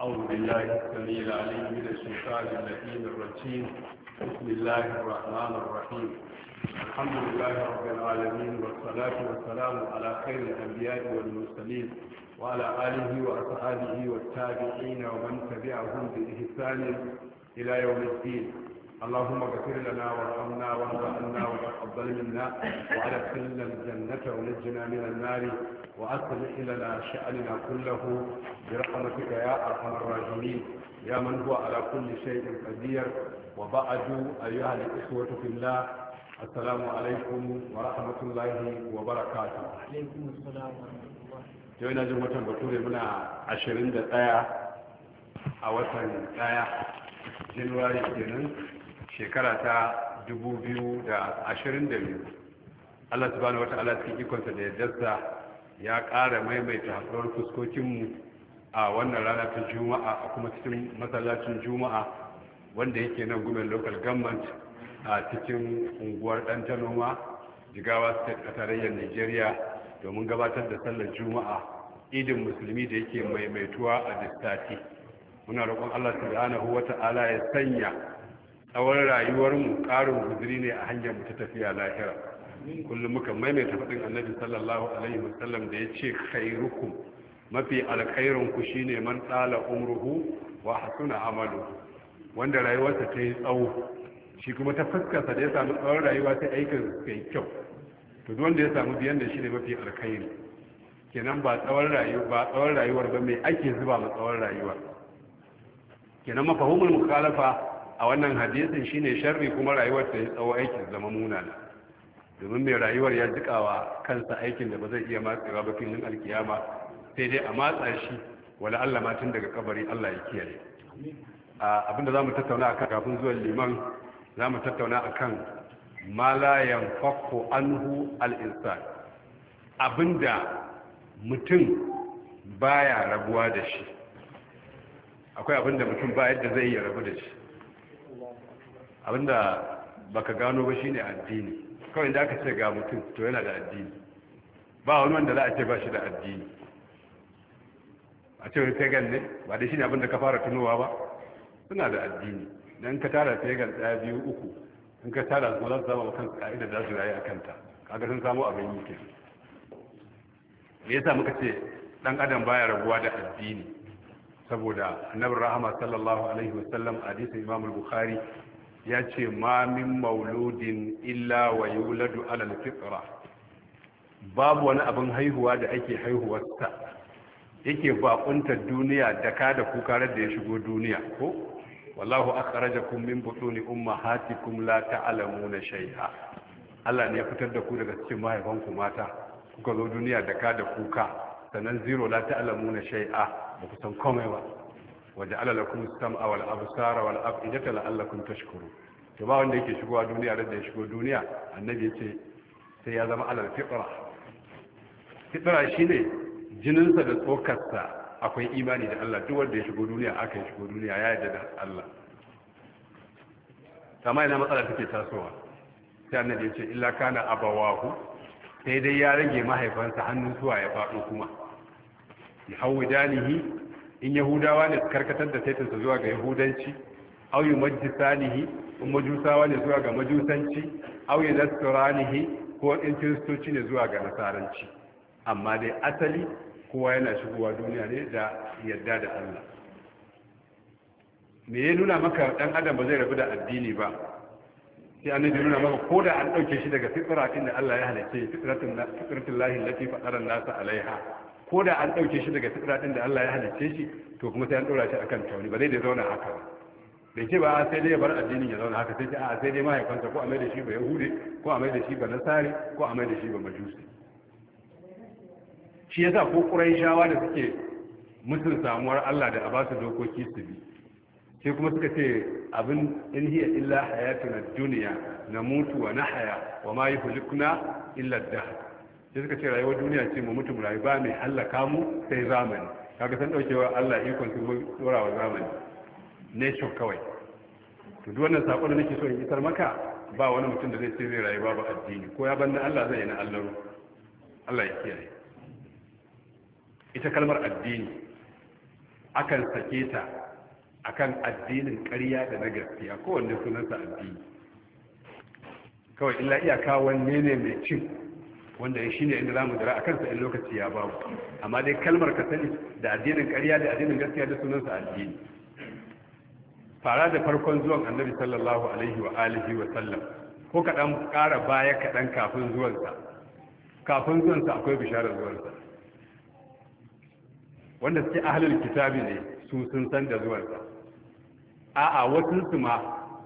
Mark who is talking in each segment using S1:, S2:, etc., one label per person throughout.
S1: أعوذ بالله السميع العليم من الشيطان اللئيم الرجيم بسم الله الرحمن الرحيم الحمد لله رب العالمين والصلاة والسلام على خير الأنبياء والمرسلين وعلى آله وأصحابه والتابعين ومن تبعهم بإحسان إلى يوم الدين اللهم اغفر لنا وارحمنا وارض عنا وتقبل منا وادخلنا الجنه ونجنا من النار واصلح لنا شاننا كله برحمتك يا ارحم الراحمين يا من هو على كل شيء قدير وبعد ايها الاخوه في الله السلام عليكم ورحمه الله وبركاته عليكم السلام ورحمه الله yau na jin watan bature muna 21 a watan 1 januwari kenan shekara ta ashirin 2022 Allah subhanahu wata'ala cikin ikonsa da yaddarsa ya ƙara maimaita haɗuwar fuskokinmu a wannan rana ta juma'a a kuma cikin masallacin juma'a wanda yake nan gumen local government a cikin unguwar ɗan ta noma jigawa state a tarayyar nigeria domin gabatar da sallar juma'a idin musulmi da yake maimaituwa a distati muna roƙon allah subhanahu ta'ala ya sanya tsawon rayuwarmu ƙarin guzuri ne a hanyar mu ta tafiya lahira kullum muka maimaita faɗin annabi sallallahu alaihi wasallam da ya ce khairukum mafi alkhairun ku shine man tsala umruhu wa hasuna amalu wanda rayuwarsa ta yi tsawo shi kuma ta fuskarsa da ya samu tsawon rayuwa sai aikin kai kyau to duk wanda ya samu biyan da shine mafi alkhairi kenan ba tsawon rayuwa ba tsawon rayuwar ba mai ake zuba ma tsawon rayuwa kenan mafahumul mukhalafa a wannan hadisin shine sharri kuma rayuwar ta yi tsawo aikin zama munana domin mai rayuwar ya jikawa kansa aikin da ba zai iya matsewa ba filin alkiyama sai dai a matsa shi wala Allah ma tun daga kabari Allah ya kiyaye da zamu tattauna akan kafin zuwan liman zamu tattauna akan mala yan fakku anhu al-insan abinda mutum baya rabuwa da shi akwai abinda mutum ba yadda zai iya rabu da shi abinda baka gano ba shine addini kawai da aka ce ga mutum to yana da addini ba wani wanda za a ce ba shi da addini a ce wani pagan ne ba dai shine abinda ka fara tunowa ba suna da addini don ka tara pagan daya biyu uku in ka tara su za su zama kan ka'ida da su rayu a kanta kaga sun samu abin yi ke me yasa muka ce dan adam baya rabuwa da addini saboda annabi rahama sallallahu alaihi wasallam hadisin imam al-bukhari ya ce ma min mauludin illa wa yuladu ala al-fitra babu wani abin haihuwa da ake haihuwarsa yake bakunta duniya da ka da kukarar da ya shigo duniya ko wallahu akhrajakum min butuni ummahatikum la ta'lamuna shay'a Allah ne ya fitar da ku daga cikin mahaifanku mata kuka zo duniya da ka da kuka sannan zero la ta'lamuna shay'a ba ku san komai ba waje alalakum sam'a wal absara wal Allah kun tashkuru to ba wanda yake shigowa duniya da ya shigo duniya annabi yace sai ya zama alal fitra fitra shine jininsa da tsokarsa akwai imani da Allah duk wanda ya shigo duniya aka yi shigo duniya ya yarda da Allah kama ina matsala take tasowa sai annabi ya ce illa kana abawahu sai dai ya rage mahaifansa hannun suwa ya faɗo kuma Yahudanihi in yahudawa ne su karkatar da saitinsa zuwa ga yahudanci aw yumajjisanihi in majusawa ne zuwa ga majusanci aw yunasranihi ko in kristoci ne zuwa ga nasaranci amma dai asali kowa yana shigowa duniya ne da yadda da Allah me ya nuna maka dan adam ba zai rabu da addini ba sai annabi nuna maka ko da an dauke shi daga fitratin da Allah ya halice fitratin fitratin lahi lati fadaran nasa alaiha ko da an ɗauke shi daga fitra ɗin da Allah ya halicce shi to kuma sai an ɗora shi akan tauni ba zai da zauna haka ba da ke ba ah, sai dai ya bar addinin ya zauna haka sai ce a ah, sai dai mahaifansa ko a mai da shi ba yahude ko a mai da shi ba nasari ko a mai da shi ba majusi shi yasa ko shawa da suke mutun samuwar Allah da a abasu dokoki su bi sai kuma suka ce abin in hiya illa hayatuna na namutu wa nahya wa ma yuhlikuna illa ad sai suka ce rayuwar duniya ce mu mutum rayu ba mai hallaka mu sai zamani kaga san daukewa Allah ikon dora wa zamani ne shi kawai to duk wannan sakon da nake so in isar maka ba wani mutum da zai ce zai rayu ba addini ko ya banda Allah zai na Allah Allah ya kiyaye ita kalmar addini akan sake ta akan addinin ƙarya da na gaskiya kowanne sunansa addini kawai illa iyaka wanne ne mai cin wanda shi ne inda za mu jira a kansa in lokaci ya babu amma dai kalmar ka sani da addinin ƙarya da addinin gaskiya da sunansa addini fara da farkon zuwan annabi sallallahu alaihi wa alihi wa sallam ko kaɗan ƙara baya kaɗan kafin zuwansa kafin zuwansa akwai bisharar zuwansa wanda suke ahalin kitabi ne su sun san da zuwansa a'a wasu su ma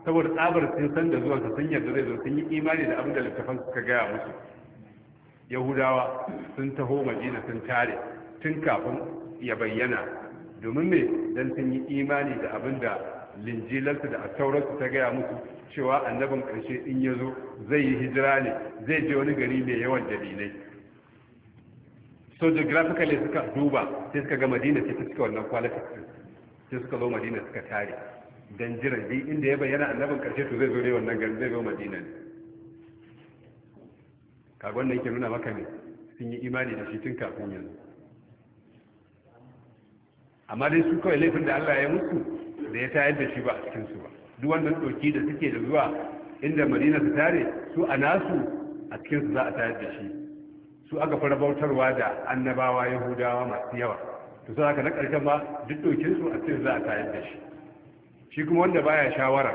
S1: saboda tsabar sun san da zuwansa sun yarda zai zo sun yi imani da abin da littafan suka gaya musu yahudawa sun taho madina sun tare tun kafin ya bayyana domin me dan sun yi imani da abin da linjilarsu da attaurarsu ta gaya musu cewa annabin karshe in ya zo zai yi hijira ne zai je wani gari mai yawan dalilai so geographically suka duba sai suka ga madina sai ta cika wannan kwalifikasi sai suka zo madina suka tare don jiran duk inda ya bayyana annabin karshe to zai zo ne wannan gari zai zo madina ne kagon da yake nuna maka ne sun yi imani da shi tun kafin yanzu amma dai su kawai laifin da Allah ya musu da ya tayar da shi ba a cikin ba duk wannan doki da suke da zuwa inda Madina su tare su a nasu a cikin su za a tayar da shi su aka fara bautarwa da annabawa yahudawa masu yawa to sai aka na karshen ma duk dokin a cikin za a tayar da shi shi kuma wanda baya shawara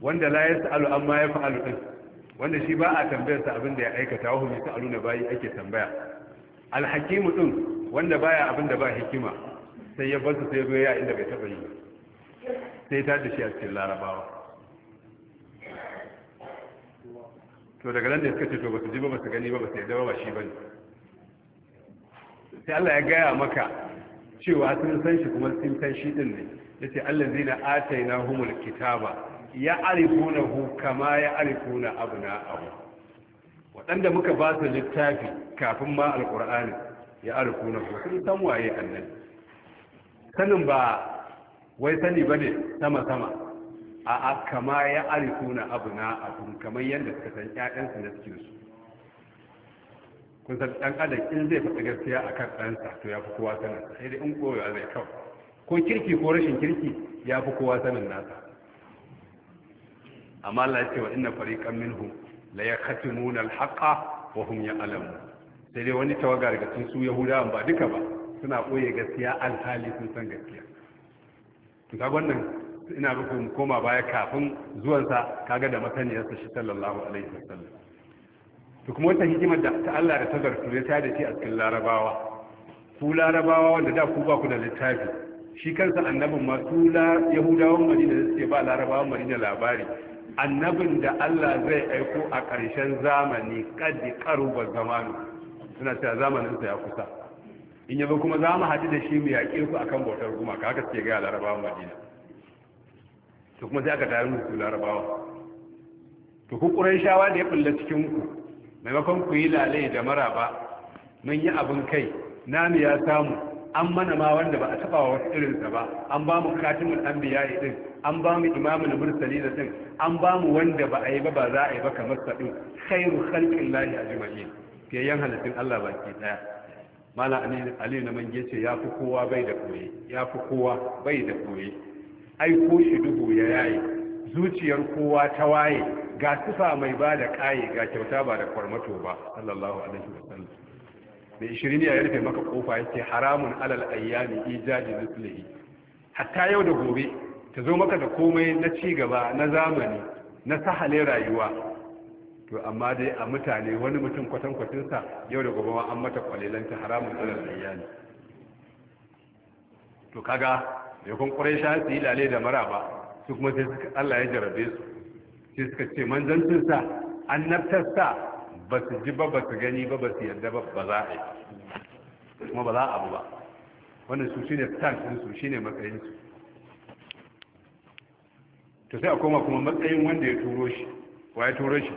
S1: wanda la yasalu amma ya fa'alu ɗin. wanda shi ba a tambayar sa abin da ya aikata wahu mai sa'aluna bayi ake tambaya alhakimu din wanda baya abin da ba hikima sai ya bar su sai ya inda bai taba yi sai ta da shi a cikin larabawa to daga nan da suka ce to ba su ji ba ba su gani ba ba su yadda ba shi ba ne sai Allah ya gaya maka cewa sun san shi kuma sun san shi din ne yace allazi na ataina kitaba ya arifuna hu kama ya arifuna na abu waɗanda muka ba su littafi kafin ma alƙur'ani ya arifuna hu sun san waye annan sanin ba wai sani ba ne sama-sama a kama ya arifuna na abu kamar yadda suka san ƴaƴansu na cikin su kun san ɗan adam in zai fata gaskiya a kan ɗansa to ya fi kowa sanin sai dai in koyo zai kawai ko kirki ko rashin kirki ya fi kowa sanin nasa amma Allah ya ce wa inna fariqan minhum la yaktumuna al-haqa wa hum ya'lamun sai dai wani tawaga daga cikin su yahudawan ba duka ba suna koye gaskiya alhali sun san gaskiya to ga wannan ina mu koma baya kafin zuwansa kaga da sa shi sallallahu alaihi wasallam to kuma wata hikimar da ta Allah da ta zartu ya tada ce a cikin larabawa ku larabawa wanda da ku ba ku da littafi shi kansa annabin ma su yahudawan madina da suke ba larabawan madina labari annabin da Allah zai aiko a ƙarshen zamani kaddi karuba zamanu suna cewa zamanin sa ya kusa in yazo kuma za mu haɗu da shi mu yaƙe su akan bautar ka haka suke ga larabawa madina to kuma sai aka tayar musu larabawa to ku ƙurayshawa da ya bulla cikin ku maimakon ku yi lalai da maraba mun yi abin kai namu ya samu an mana ma wanda ba a taba wa wasu irinsa ba an ba mu katimul yi din an ba mu mursali da din an ba mu wanda ba a yi ba ba za a yi ba kamar sa din khairu khalqillahi ajma'in yan halittun Allah baki daya mala ali na mange ce ya fi kowa bai da koyi ya fi kowa bai da koyi ai ko shi dubu ya yayi zuciyar kowa ta waye ga sifa mai ba da kaye ga kyauta ba da kwarmato ba sallallahu alaihi wasallam mai shirin ya rufe maka kofa yake haramun alal ayyami jaji mislihi hatta yau da gobe ta zo maka da komai na ci gaba na zamani na sahale rayuwa to amma dai a mutane wani mutum kwatankwatinsa yau da gobe ma an mata ta haramun alal ayyami to kaga da kun quraisha su yi lale da maraba su kuma sai Allah ya jarabe su sai suka ce manzancinsa sa annabtar sa ba su ji ba ba su gani ba ba su yarda ba ba za a yi kuma ba za a abu ba wanda su shine stand ɗinsu shine matsayinsu to sai a koma kuma matsayin wanda ya turo shi wa ya turo shi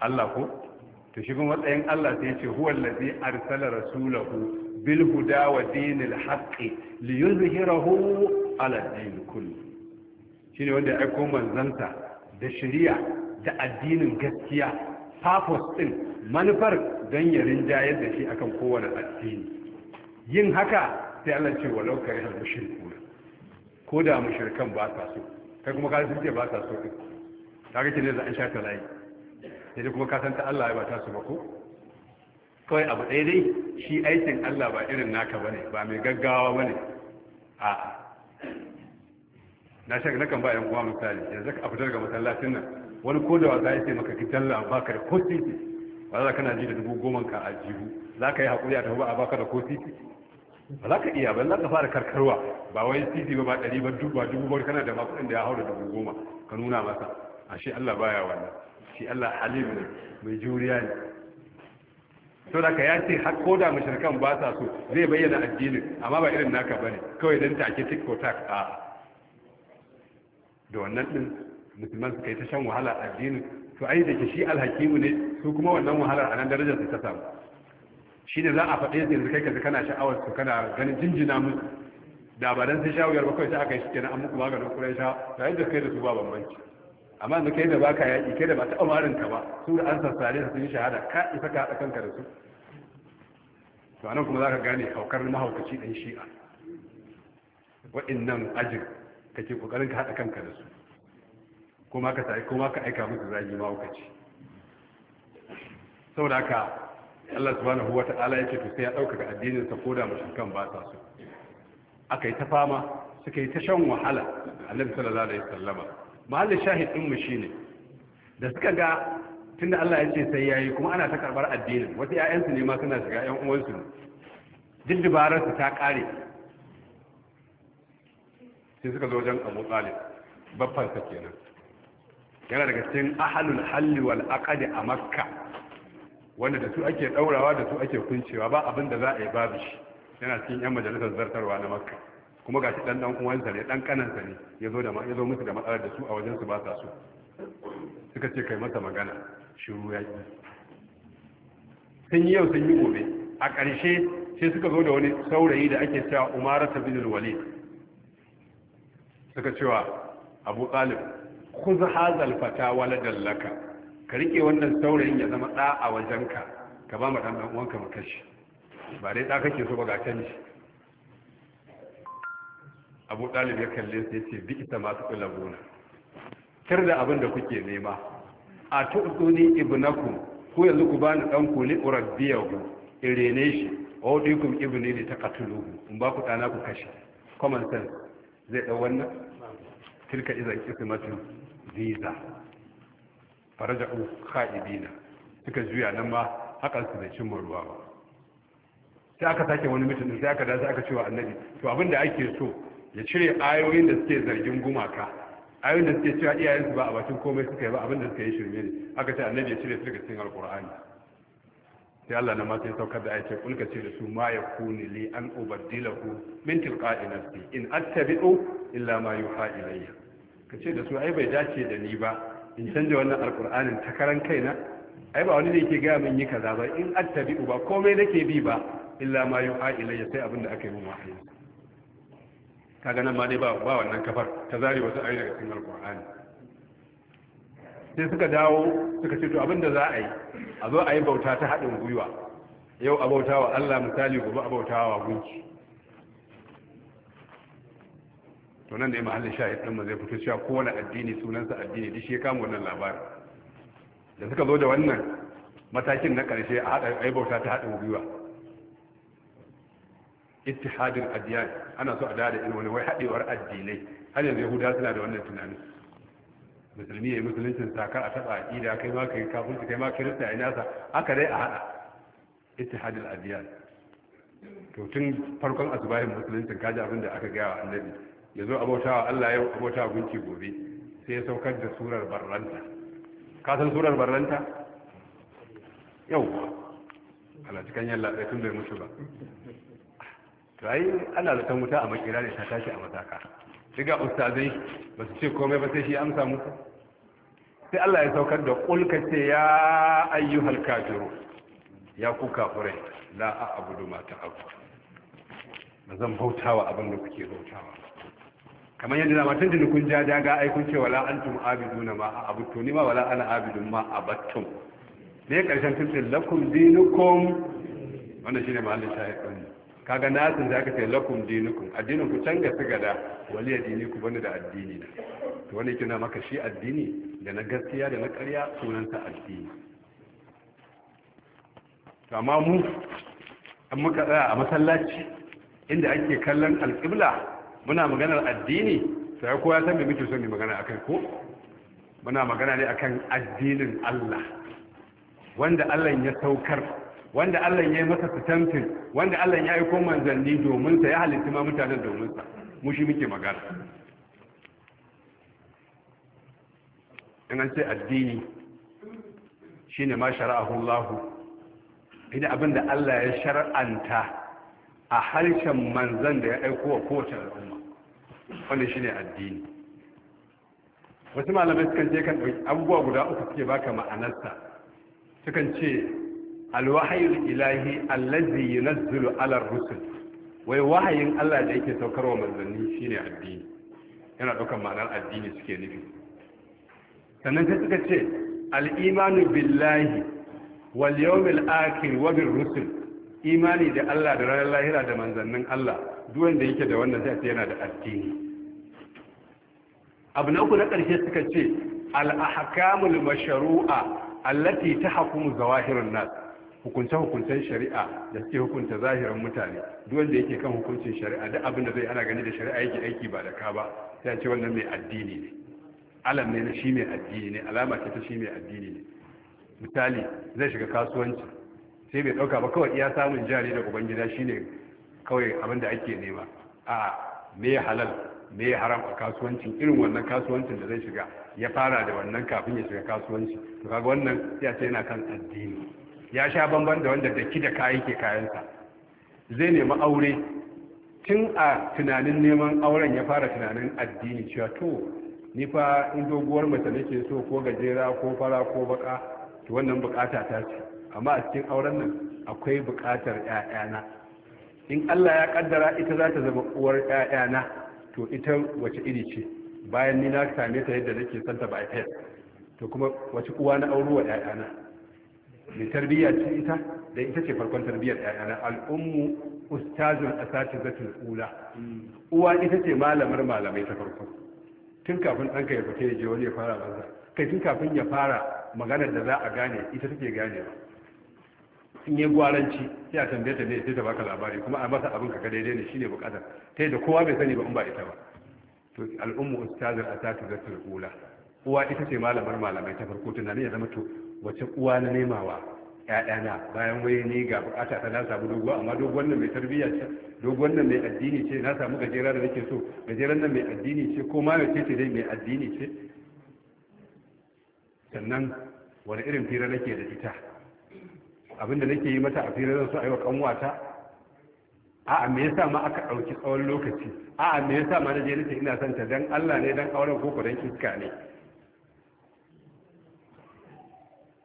S1: Allah ko to shi kuma matsayin Allah sai ya ce huwa allazi arsala rasulahu bil huda wa dinil haqqi li yuzhirahu ala din kulli shine wanda ya aika manzanta da shari'a da addinin gaskiya purpose din manufar don ya rinjayar da shi akan kowane addini yin haka sai Allah ce walau kai har mushriku ko da mushrikan ba ta so kai kuma ka san ce ba ta so ka ga kin da an shata layi sai kuma ka san ta Allah ya ba ta so ba ko kawai abu dai dai shi aikin Allah ba irin naka bane ba mai gaggawa bane a'a na shaka nakan ba yan uwa misali yanzu ka fitar ga masallacin nan wani ko da wasa ya ce maka ki talla a baka da ko titi ba za ka na ji da dubu goma ka a jihu za ka yi haƙuri a tafi ba a baka da ko titi ba za ka iya ba za ka fara karkarwa ba wai titi ba ba ɗari ba dubu ba dubu kana da makuɗin da ya hau da dubu goma ka nuna masa a shi Allah baya wannan shi Allah halim ne mai juriya ne to da ka ya ce har ko da mashirkan ba sa so zai bayyana addinin amma ba irin naka bane kawai dan take tik tak a da wannan din musulman suka yi ta shan wahala addini to ai da ke shi alhakimu ne su kuma wannan wahalar a nan darajar su ta samu shi ne za a faɗe yanzu kai kaza kana sha'awar su kana ganin jinjina musu da ba dan sai shawuyar ba kawai sai aka yi shi kenan an muku maganin kurai sha ta yadda kai da su ba bambanci amma da kai da baka yaƙi kai da ba taɓa marin ka ba su da an sassare su sun yi shahada ka isa ka haɗa kanka da su to anan kuma za ka gane haukar mahaukaci ɗan shi'a wa'innan ajin kake ƙoƙarin ka haɗa kanka da su kuma ka ka aika musu zagi ma ce. Sau da haka Allah subhanahu wata'ala yake to sai ya ɗaukaka addinin sa koda kan ba ta so aka yi ta fama suka yi ta shan wahala annabi sallallahu alaihi sallama. mahallin shahid din mu shine da suka ga tunda Allah ya ce sai ya yi kuma ana ta karbar addinin wasu 'ya'yansu ne ma suna shiga 'yan uwansu duk dabararsu ta kare sai suka zo wajen Abu Talib baffansa kenan yana daga cikin ahalul halli wal aqdi a makka wanda da su ake daurawa da su ake kuncewa ba abin da za a yi babu shi yana cikin yan majalisar zartarwa na makka kuma gashi dan dan uwansa ne dan kanansa ne yazo da yazo musu da matsalar da su a wajen su ba sa su suka ce kai masa magana shiru ya yi sun yi yau sun yi gobe a ƙarshe sai suka zo da wani saurayi da ake cewa Umar ta bin walid suka cewa abu talib kuzu hazal fata waladan laka ka rike wannan saurayin ya zama da a wajenka ka ba mu dan uwanka mu kashi ba dai da kake so ba ga canji abu dalib ya kalle sai ya ce bi ta masu su kula gona kar da abin da kuke nema a tu'tuni Ibnaku, ko yanzu ku bani dan ku li urabbiyahu irene shi wa udikum ibni li taqatuluhu in ba ku dana ku kashe common sense zai dau wannan tilka izan kismatun visa da kha'ibina suka juya nan ma hakan su da cimma ruwa ba sai aka sake wani mutum sai aka dasa aka cewa annabi to abin da ake so ya cire ayoyin da suke zargin gumaka ayoyin da suke cewa iyayensu ba a bakin komai suka yi ba abin da suka yi shirme ne aka ce annabi ya cire su daga cikin alƙur'ani
S2: sai Allah na masu ya saukar da aikin kulka ce da su ma ya kuni
S1: li an ubaddilahu min tilqa'i nafsi in attabi'u illa ma yuha ilayya ka ce da su ai bai dace da ni ba in canja wannan alkur'anin ta karan kaina ai ba wani ne yake gaya min yi kaza ba in attabi'u ba komai nake bi ba illa ma yuha ilayya sai abin da aka yi min wahayi kaga nan ma dai ba ba wannan kafar ta zare wasu ayoyi daga cikin alkur'ani sai suka dawo suka ce to abin da za a yi a zo a yi bauta ta haɗin gwiwa yau a Allah misali gobe a wa gunki to nan ya mahallin shahid din mu zai fito cewa kowane addini sunansa addini duk shi kama wannan labarin da suka zo da wannan matakin na karshe a hada ayi bauta ta hada gwiwa ittihadin adiyan ana so a dada irin wani wai hadewar addinai har yanzu yahuda suna da wannan tunanin
S2: musulmi ya yi musuluncin sakar a taɓa aƙida
S1: kai ma kai kafin kai ma kirista ya nasa haka dai a haɗa ittihadul adiyan to tun farkon asibahin musuluncin kaji abin da aka gaya wa annabi ya zo abautawa Allah yau abautawa gunki gobe sai ya saukar da surar barranta ka san surar barranta yau ana cikin yalla sai tun bai mutu ba to ai ana zaton wuta a makira ne ta tashi a mataka diga ustazai ba su ce komai ba sai shi amsa musu sai Allah ya saukar da kulka ce ya ayyuhal kafiru ya ku kafirai la a abudu ma ta abu ba zan bautawa abin da kuke bautawa kamar yadda na matan jini kun jaja ga ai kun ce wala abidu na ma abu ni ma wala ana abidu ma batun. ne karshen tun lakum dinukum wannan shine mahallin shahid din kaga nasin za ka ce lakum dinukum addinin ku canza gada wali addini ku bani da addini na to wani kina maka shi addini da na gaskiya da na karya sunanta addini to amma mu an muka tsaya a masallaci inda ake kallon alƙibla muna maganar addini sai kowa san me muke son mu magana akai ko muna magana ne akan addinin Allah wanda Allah ya saukar wanda Allah ya yi masa fitantin wanda Allah ya aiko manzanni domin sa ya halitta ma mutanen domin sa mu shi muke magana in an ce addini shine ma shara'ahu Allah idan abinda Allah ya shar'anta a harshen manzan da ya aiko wa kowace al'umma wanda shine addini wasu malamai sukan je kan abubuwa guda uku suke baka ma'anarsa sukan ce alwahayul ilahi allazi yunazzilu ala rusul wai wahayin Allah da yake saukar wa manzanni shine addini yana daukar ma'anar addini suke nufi sannan sai suka ce al-imanu billahi wal yawmil akhir wa bir rusul imani da Allah da ranar lahira da manzannin Allah duk wanda yake da wannan sai yana da addini abu na uku na ƙarshe suka ce al-ahkamul mashru'a allati tahkumu zawahirun nas hukunce hukuncen shari'a da suke hukunta zahirin mutane duk wanda yake kan hukuncin shari'a duk abin da zai ana gani da shari'a yake aiki ba da ka ba sai ce wannan mai addini ne alam ne na shi mai addini ne alama ta shi mai addini ne misali zai shiga kasuwanci sai bai dauka ba kawai iya samun jari da ubangida shine kawai abin da ake nema a me halal me haram a kasuwancin irin wannan kasuwancin da zai shiga ya fara da wannan kafin ya shiga kasuwanci to kaga wannan ya ce yana kan addini ya sha bamban da wanda da kida kayan ke kayansa zai nemi aure tun a tunanin neman auren ya fara tunanin addini cewa to ni fa in doguwar mace nake so ko gajera ko fara ko baka to wannan bukata ta ce amma a cikin auren nan akwai buƙatar ‘ya'yana in allah ya ƙaddara ita za ta zama uwar ‘ya'yana to ita wace iri ce bayan ni na same ta yadda nake son ta by faith to kuma wace uwa na auro wa ‘ya'yana mai tarbiyya ce ita da ita ce farkon tarbiyyar ‘ya'yana al'ummu ustazun asati zatul ula uwa ita ce malamar malamai ta farko tun kafin ɗanka ya fita ya je wani ya fara banza kai tun kafin ya fara maganar da za a gane ita take ganewa in yi gwaranci sai a tambaye ta ne sai ta baka labari kuma a masa abin kaga daidai ne shine bukata ta da kowa bai sani ba in ba ita ba to al'ummu ustazir asatu da kula uwa ita ce malamar malamai ta farko tunanin ya zama to wace uwa na nemawa ƴaƴana bayan wai ni ga bukata ta na samu doguwa amma doguwan nan mai tarbiyya ce doguwan nan mai addini ce na samu gajera da nake so gajeran nan mai addini ce ko ma ce ce dai mai addini ce sannan wani irin fira nake da ita da nake yi mata a fira zan so a yi wa kanwata a'a me yasa ma aka ɗauki tsawon lokaci a'a me yasa ma na je nake ina son ta dan Allah ne dan auren ko dan iska ne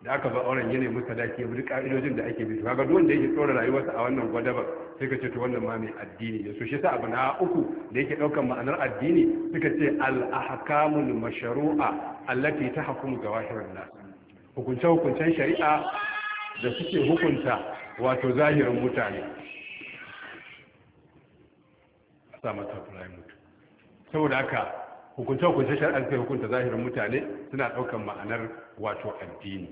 S1: da aka ba auren yanayin musa da ke bi ka'idojin da ake bi to kaga duk da yake tsora rayuwarsa a wannan gwadaba sai ka ce to wannan ma mai addini ne so shi sa abu na uku da yake ɗaukar ma'anar addini suka ce al ahkamul mashru'a allati tahkumu zawahirun nas hukunce hukuncen shari'a da suke hukunta wato zahirin mutane a sa mata mutu saboda haka hukunta hukunta shari'ar sai hukunta zahirin mutane suna daukan ma'anar wato addini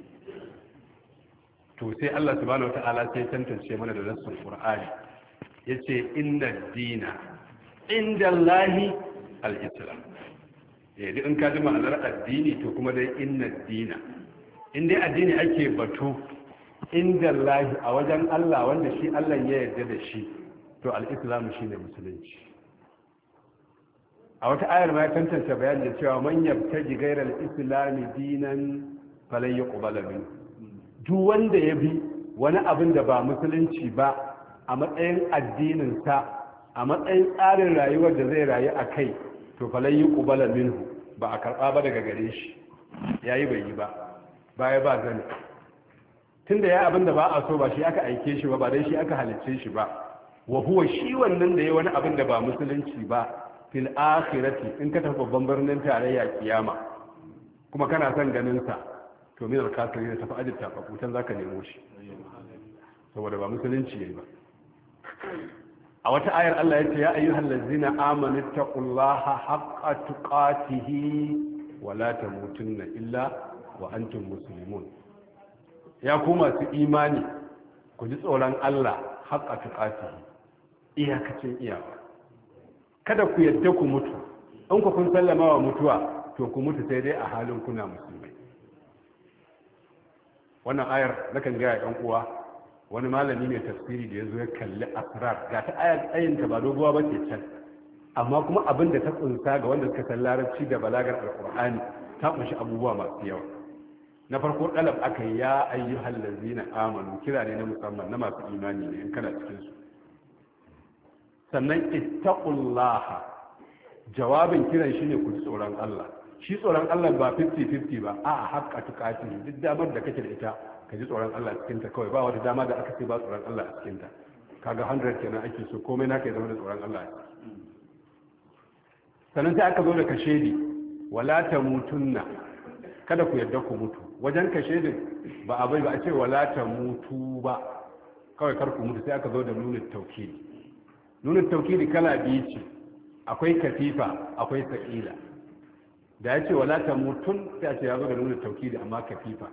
S1: to sai Allah subhanahu wata'ala sai tantance mana da nassun Qur'ani ce inda dina inda Lahi al-Islam yi eh, in ka ji ma'anar addini to kuma dai inda dina in addini ake batu inda lahi a wajen Allah wanda shi Allah ya yarda da shi to al-islamu shine musulunci a wata ayar ma ya tantance bayan da cewa manyan ta gairar islami dinan falai yuqbala min duk wanda ya bi wani abin da ba musulunci ba a matsayin sa a matsayin tsarin rayuwar da zai rayu a kai to falai yuqbala minhu ba a karɓa ba daga gare shi yayi yi bai yi ba baya ba zane tunda ya abin da ba a so ba shi aka aike shi ba ba dai shi aka halicce shi ba wa huwa shi wannan da ya wani abin da ba musulunci ba fil akhirati in ka tafi babban birnin tarayya kiyama kuma kana son ganin sa to min al-kafiri da tafi ajibta fa za ka nemo shi saboda ba musulunci yayi ba a wata ayar Allah ya ce ya amani ta amanu taqullaha haqqa wala ta mutum na illa wa antum musulmun. ya ku masu imani ku ji tsoron Allah haƙa ƙafi iyakacin iyawa kada ku yadda ku mutu in ku kun sallama wa mutuwa to ku mutu sai dai a halin kuna musulmai wannan ayar kan gaya ɗan uwa wani malami mai tafsiri da ya zo ya kalli asrar ga ta ayar ba doguwa ba ke can amma kuma abin da ta tsunsa ga wanda suka san larabci da balagar alƙur'ani ta kunshi abubuwa masu yawa na farko dalab aka yi ya ayyuhal ladzina amanu kira ne na musamman na masu imani ne in kana cikin su sannan ittaqullaha jawabin kiran shi ne ku tsoron Allah shi tsoron Allah ba 50-50 ba a haka tukati duk damar da kake da ita ka ji tsoron Allah cikin ta kawai ba wata dama da aka ce ba tsoron Allah a cikin ta kaga 100 kenan ake so komai naka ya zama da tsoron Allah sannan sai aka zo da kashedi wala tamutunna kada ku yarda ku mutu wajen kashe din ba a bai ba a ce walata mutu ba kawai karku mutu sai aka zo da nunin taukidi nunin taukidi kala biyu ce akwai kafifa akwai sa'ila da ya ce walata mutun sai a ce ya zo da nunin taukidi amma kafifa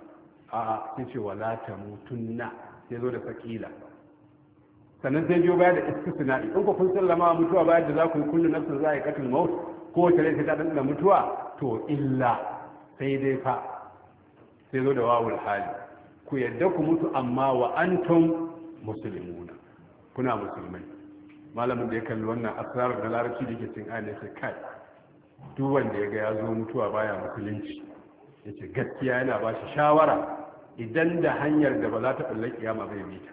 S1: a sai ce walata mutun na sai zo da sa'ila sannan sai biyo baya da sinadi in ku kun sallama mutuwa bayan da za ku yi kullu nafsin za a yi katin maut ko wace rai sai ta dan mutuwa to illa sai dai fa sai zo da wawul hali ku yadda ku mutu amma wa antum muslimuna kuna musulmai malamin da ya kalli wannan asrar da larabci da ke cin ayyana sai kai duk wanda ya ga ya zo mutuwa baya musulunci yace gaskiya yana ba shi shawara idan da hanyar da ba za ta ɓullar kiyama bai bi ta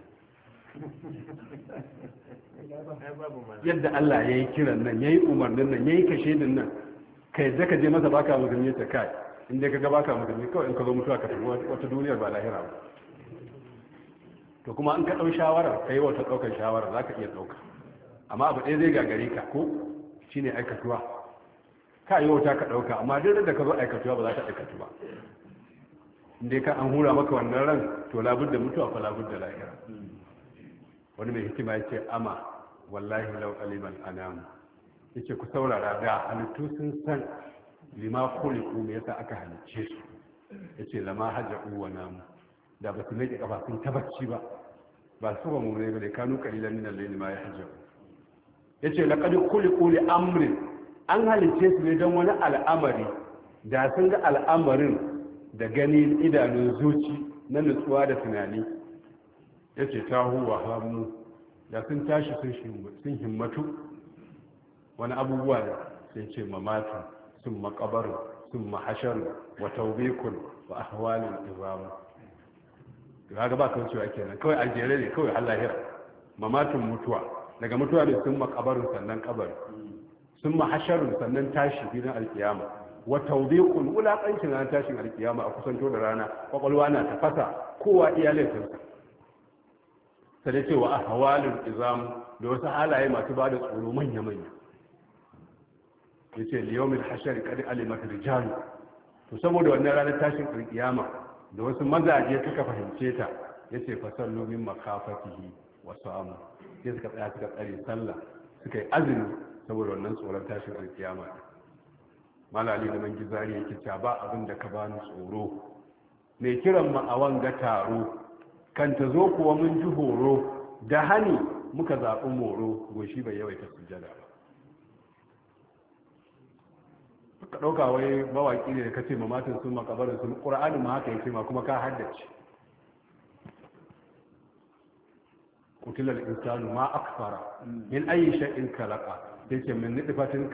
S1: yadda Allah ya yi kiran nan ya yi umarnin nan ya yi kashe nan ka yadda ka je masa baka musulmi ta kai in dai ka gabata musulmi kawai in ka zo mutuwa ka tafi wata duniyar ba lahira ba to kuma in ka ɗau shawarar ka yi wata ɗaukar shawarar za ka iya ɗauka amma abu ɗaya zai gagare ka ko shine aikatuwa ka yi wata ka ɗauka amma duk da ka zo aikatuwa ba za ta aikatu ba inda ka an hura maka wannan ran to labud da mutuwa fa labud da lahira wani mai hikima yake ama wallahi lau alimal anam yake ku saurara da halittu sun san lima khuliqu me yasa aka halicce su yace lama haja'u uwa namu da ba su lake kafa sun tabacci ba ba su ba mu ne ba kanu qalilan nan al-layli ma yahja'u yace laqad khuliqu li amri, an halicce su ne don wani al'amari da sun ga al'amarin da gani idanun zuci na nutsuwa da tunani yace ta huwa hamu da sun tashi sun himmatu wani abubuwa da sai ce mamatu ثم قبر ثم حشر وتوبيك وأهوال الإظام kaga ba kaucewa kenan kawai a jere ne kawai har lahira mamatin mutuwa daga mutuwa ne sun makabarin sannan kabari sun mahasharin sannan tashi filin alkiyama wa tawdiqul ulaqancin ran tashin alkiyama a kusanto da rana kwakwalwa na tafasa kowa iyalai sun sai da cewa ahwalul izam da wasu halaye masu bada tsoro manya manya yace ce liyomin hashar kadi alimat rijalu to saboda wannan ranar tashin kiyama da wasu mazaje suka fahimce ta ya ce fasallu min makafatihi wa samu sai suka tsaya suka tsare sallah suka yi azumi saboda wannan tsoron tashin kiyama malali da man gizari yake cewa ba abin da ka bani tsoro mai kiran mu a wanga taro kan ta zo kuwa mun ji horo da hani muka zaɓi moro goshi bai yawaita sujada ba ka ɗauka wai mawaƙi ne da ka ce ma matan sun makabarin sun ƙura'anin ma haka yake ma kuma ka haddace kutilar insanu ma akfara min ayi sha'in kalaka yake min nidifatin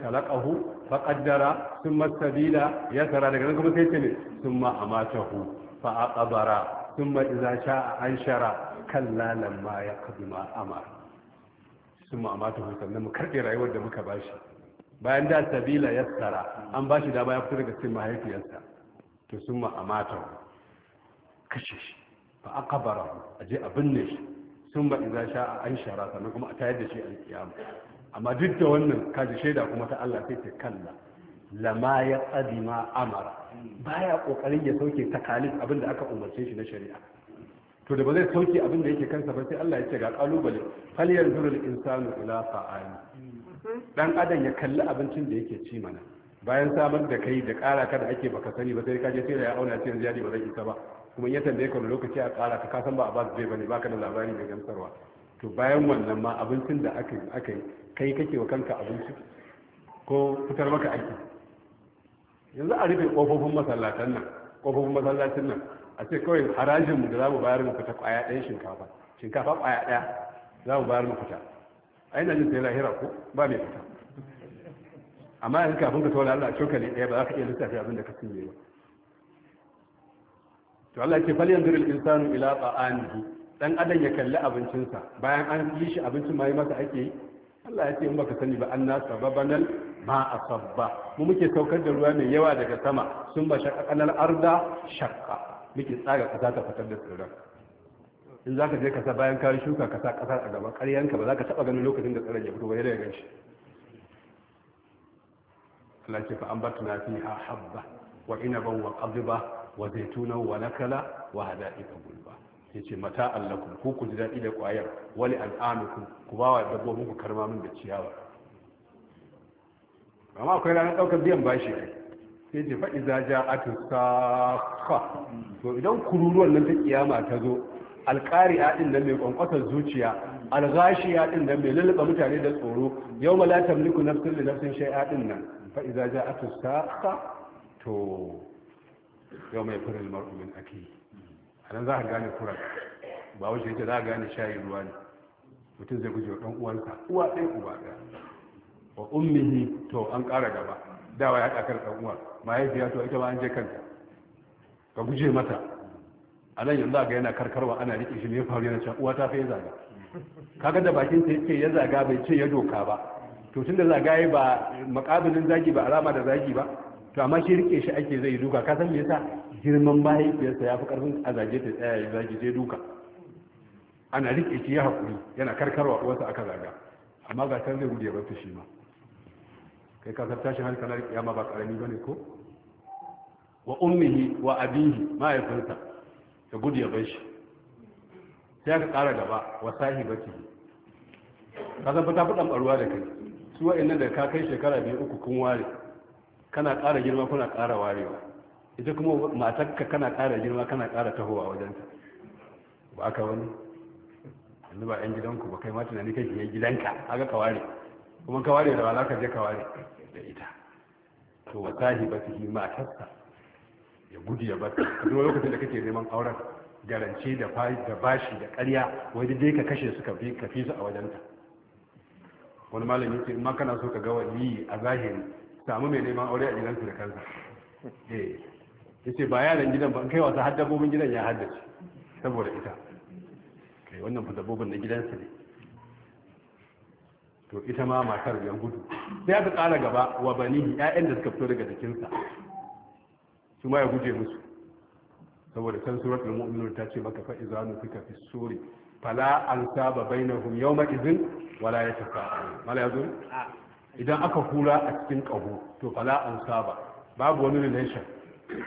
S1: hu? fa qaddara thumma sabila ya tara daga nan kuma sai ce ne thumma amatahu fa aqbara thumma idza sha'a anshara kalla lamma yaqdi ma amara thumma amatahu sannan mu karbe rayuwar da muka bashi bayan da sabila ya tsara an ba shi da ya fito daga cikin mahaifiyarsa to sun ma'amata kashe shi ba a kabara a je a binne shi sun ba iza sha a an shara sannan kuma a tayar da shi a kiyama amma duk da wannan kaji shaida kuma ta Allah sai ta kalla lama ya tsadi ma amara baya kokarin ya sauke takalif abin da aka umarce shi na shari'a to da ba zai sauke abin da yake kansa ba sai Allah ya ce ga kalubale fal yanzuru al insanu ila fa'ali dan adam ya kalli abincin da yake ci mana bayan samar da kai da ƙara ka da ake baka sani ba sai ka je sai ya auna sai yanzu ba zai isa ba kuma ya tambaye ka lokaci a ƙara ka kasan ba a ba su bai bane baka da labari mai gamsarwa to bayan wannan ma abincin da aka aka kai kake wa kanka abinci ko fitar maka aiki yanzu a rufe kofofin masallatan nan kofofin masallacin nan a ce kawai harajin mu da za mu bayar mu fita kwaya ɗaya shinkafa shinkafa kwaya ɗaya za mu bayar mu fita a yana jin sai lahira ko ba mai fita amma yanzu kafin ka taura Allah a cokali ɗaya ba za ka iya lissafi abin da ka cinye ba to Allah ke fal yanzu insanu ila ta'anihi dan adam ya kalli abincinsa bayan an yi shi abincin ma yi masa ake yi Allah ya ce in baka sani ba an na sababbanan ma a sabba mu muke saukar da ruwa mai yawa daga sama sun ba kanar arda shakka muke tsaga kasa ta fitar da tsirran in za ka je ka sa bayan kayan shuka ka sa ƙasar a gaba ƙaryanka ba za ka taɓa ganin lokacin da tsaron ya fito ba ya shi Allah ce fa an batu na fi ha habba wa ban wa qadba wa zaitunan wa nakala wa ka gulba ya ce mata Allah ku ku ji daɗi da ƙwayar wani al'amukum ku ba wa dabbobin ku karma min da ciyawa amma akwai ranar ɗaukar biyan bashi sai ce faɗi za ja a tusa to idan kururuwan nan ta kiyama ta zo alƙari'a din nan mai kwankwatar zuciya alghashiya din nan mai lulluɓa mutane da tsoro yau ma la tamliku nafsin li nafsin shay'a din nan fa idza ja'atu sa'a to yau mai furul mar'u min A anan za a gane kuran ba wace yake za a gane shayi ruwa ne mutum zai guje wa dan uwansa uwa ɗaya uba ɗaya wa ummihi to an ƙara gaba dawa ya ɗakar ɗan uwa mahaifiya to ita ma an je kanta ka guje mata a nan yanzu ga yana karkarwa ana riƙe shi ne faru yana cewa uwa ta fa ya zaga kaga da bakin sa yake ya zaga bai ce ya doka ba to tunda zaga yi ba makabilin zagi ba alama da zagi ba to amma shi riƙe shi ake zai duka ka san me yasa girman mahaifiyarsa ya fi karfin a zage ta tsaya ya zage je duka ana rike shi ya hakuri yana karkarwa uwarsa aka zaga amma ga san zai gude bar shi ma kai ka san tashin hankali ma ba karami bane ko wa ummihi wa abihi mahaifinsa ya gudu ya bai shi sai aka ƙara gaba wa sahibati ka zaba ta fudan baruwa da kai su wa'annan da ka kai shekara biyu uku kun ware kana ƙara girma kuna ƙara warewa ita kuma matakka kana ƙara girma kana ƙara tahowa wajenta ba aka wani yanzu ba 'yan gidanku ba kai ma tunani kai ke gidanka Aka ka ware kuma ka ware da ba za ka je ka ware da ita to wa sahibati matarsa ya gudu ya bar duk lokacin da kake neman auren garanci da da bashi da ƙarya wani dai ka kashe su ka fi su a wajenta wani malami ce ma kana so ka ga wani a zahiri samu mai neman aure a gidansu da kansa eh yace ba yaran gidan ba kai wasa haddabobin gidan ya haddace saboda ita kai wannan fa dabobin na gidansa ne to ita ma matar ya gudu sai aka ƙara gaba wa banihi ƴaƴan da suka fito daga jikinsa su ma ya guje musu saboda kan al mu'minun ta ce maka fa iza fika fi suri fala an saba bainahum yawma idhin wala yatafaqun mala yazo idan aka hura a cikin kaho to fala an saba babu wani relation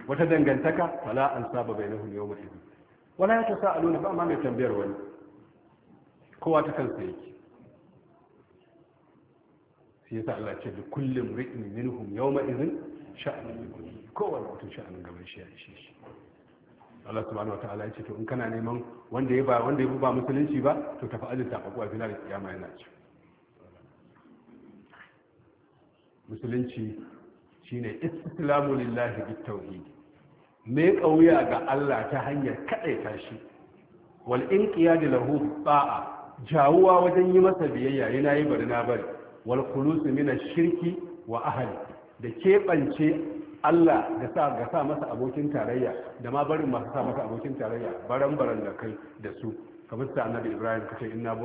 S1: wata dangantaka fala an saba bainahum yawma idhin wala yatasaaluna ba ma mai tambayar wani kowa ta kansa yake sai ya sa Allah ya ce kullum ri'in minhum yawma idhin sha'anin mai kowane mutum sha'anin gaban shi ya ishe shi Allah subhanahu wataala ya ce to in kana neman wanda ya ba wanda ya ba musulunci ba to tafi ajin tafaku a filar kiyama yana ci musulunci shine istislamu lillahi bit tauhid me kauya ga Allah ta hanyar kadai kadaita shi wal inqiyad lahu ba'a. jawuwa wajen yi masa biyayya yana yi bari na bari wal khulus min ash-shirki wa ahlihi da keɓance Allah da sa ga sa masa abokin tarayya da ma barin masu sa masa abokin tarayya baran baran da kai da su kamar sa annabi Ibrahim kace inna a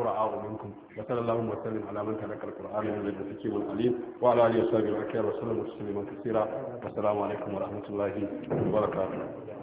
S1: minkum wa sallallahu wa sallam ala man talaka alqur'ana min al-hakim al-alim wa ala alihi wa sahbihi wa sallam taslima kaseera wa assalamu alaikum wa rahmatullahi wa barakatuh